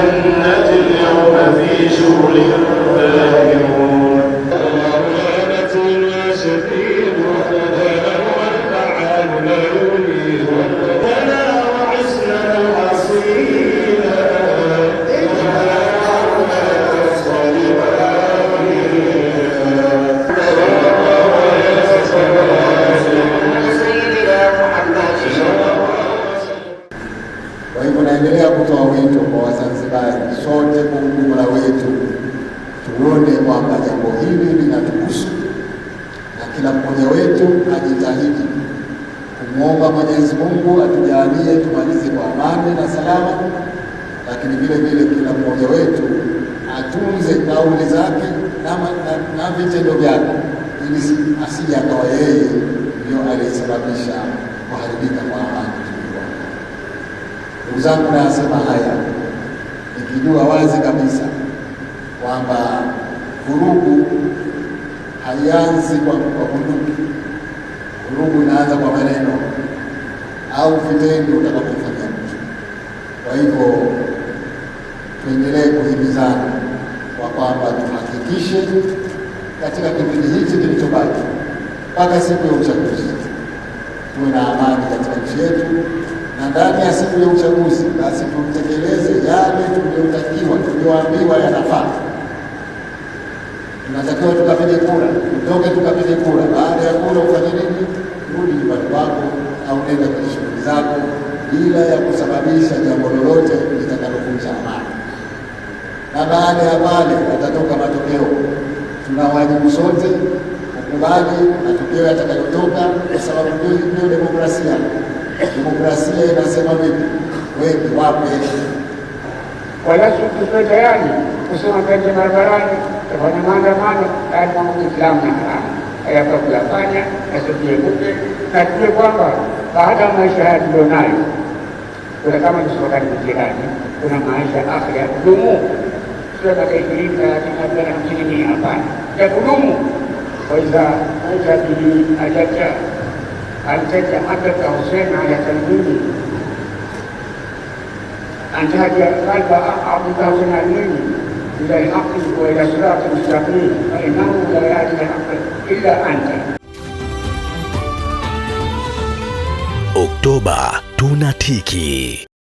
الجنة اليوم في شغل فلا tunaendelea kutoa wito kwa Wazanzibari sote kwa ujumla wetu, tuone kwamba jambo hili linatuhusu na kila mmoja wetu ajitahidi kumwomba Mwenyezi Mungu atujalie tumalize kwa amani na salama, lakini vile vile kila mmoja wetu atunze kauli zake na, na, na vitendo vyake, ili asije akawa yeye ndio aliyesababisha kuharibika kwa Ndugu zangu, nayasema haya nikijua wazi kabisa kwamba vurugu haianzi kwa bunduki. Vurugu inaanza kwa maneno au vitendo utakapofanya mtu. Kwa hivyo tuendelee kuhimizana kwa kwamba tuhakikishe katika kipindi hichi kilichobaki mpaka siku ya uchaguzi tuwe na amani katika nchi yetu ndani ya siku ya uchaguzi, basi tutekeleze yale tuliyotakiwa, tuliyoambiwa yanafaa. Tunatakiwa tukapige kura, tutoke tukapige kura. Baada ya kura ufanye nini? Rudi nyumbani kwako au nenda kwenye shughuli zako, bila ya kusababisha jambo lolote litakalovunja amani. Na baada ya pale yatatoka matokeo. Tuna wajibu sote kukubali matokeo yatakayotoka, kwa sababu ndio demokrasia. Demokrasia inasema vipi? Wengi wape. Kwa lazima tayari kusema tuende barabarani, tafanya maandamano haya mambo Kiislamu na haramu hayafaa na kwamba baada ya maisha haya tulionayo, kuna kama tusokani jirani, kuna maisha akhira ya kudumu, sio miaka ishirini thelathini arobaini hamsini mia, hapana, ya kudumu. Kwa hiyo maisha ajabta alitaja haddatha Husein ala talmizi antaja qalba abdika Husein almini ila lhaqi wa ila sirati mustaqim fainahu la yahdi lhaqa illa anta. Oktoba tunatiki.